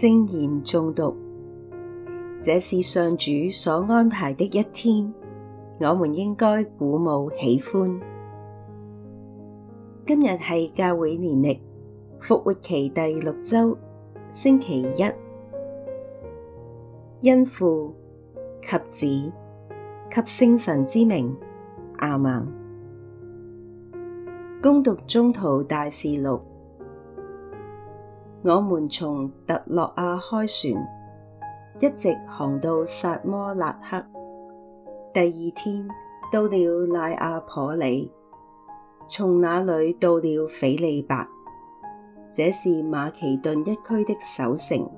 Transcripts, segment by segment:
聖言誦讀，這是上主所安排的一天，我們應該鼓舞喜歡。今日係教會年曆復活期第六周，星期一。因父及子及聖神之名，阿們。恭讀宗徒大事錄。我們從特洛阿開船，一直航到撒摩辣刻。第二天到了乃阿頗里，從那裏到了斐理伯，這是馬其頓一區的首城，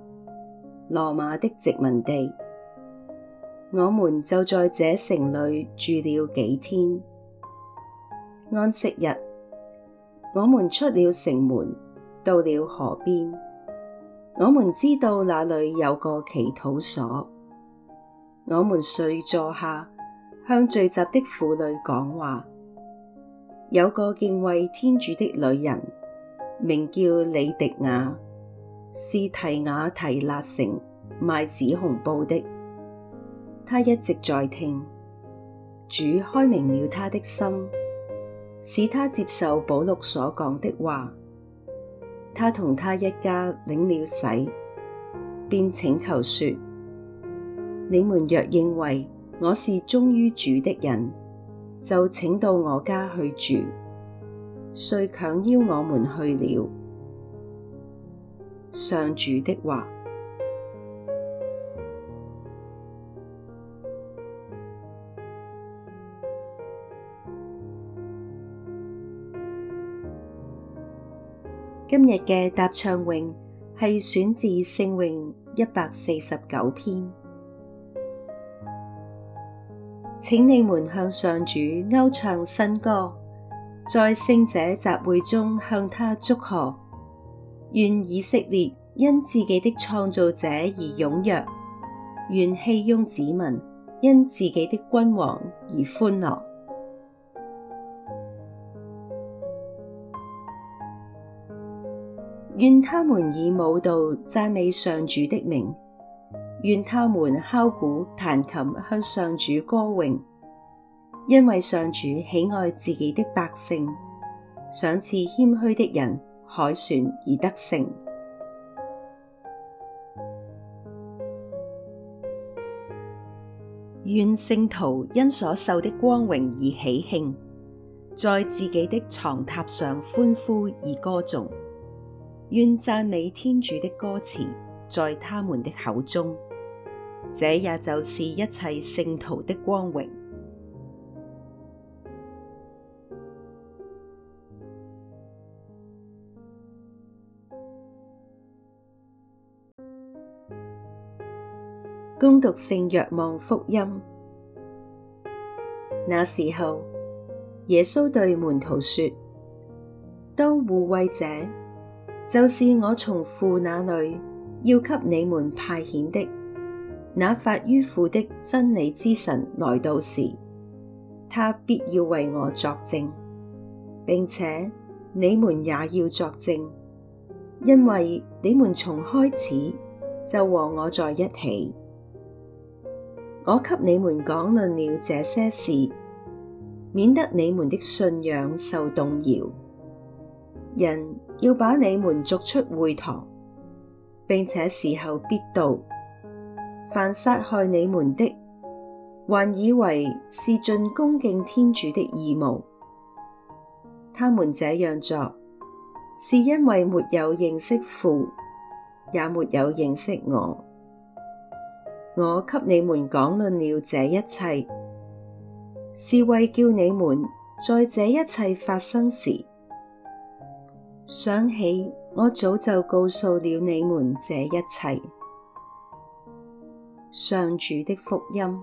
羅馬的殖民地。我們就在這城裏住了幾天。安息日，我們出了城門。到了河邊，我們知道那裏有個祈禱所。我們遂坐下，向聚集的婦女講話。有個敬畏天主的女人，名叫里狄雅，是提雅提辣城賣紫紅布的。她一直在聽，主開明了她的心，使她接受保祿所講的話。他同他一家領了洗，便請求說：「你們若認為我是忠於主的人，就請到我家去住。」遂強邀我們去了。上主的話。今日嘅答唱詠，係選自聖詠一百四十九篇，請你們向上主謳唱新歌，在聖者集會中向他祝賀，願以色列因自己的創造者而踴躍，願熙雍子民因自己的君王而歡樂。願他們以舞蹈讚美上主的名，願他們敲鼓彈琴向上主歌詠，因為上主喜愛自己的百姓，賞賜謙虛的人凱旋而得勝。願聖徒因所受的光榮而喜慶，在自己的床榻上歡呼而歌頌。願讚美天主的歌詞在他們的口中，這也就是一切聖徒的光榮。恭讀聖若望福音，那時候，耶穌對門徒說：當護慰者。就是我從父那裏要給你們派遣的，那發於父的真理之神來到時，他必要為我作證，並且你們也要作證，因為你們從開始就和我在一起。我給你們講論了，了這些事，免得你們的信仰受動搖。人要把你們逐出會堂，並且時候必到，凡殺害你們的，還以為是盡恭敬天主的義務。他們這樣做，是因為沒有認識父，也沒有認識我。我給你們講論了，了這一切，是為叫你們在這一切發生時，想起我早就告訴了你們這一切，上主的福音。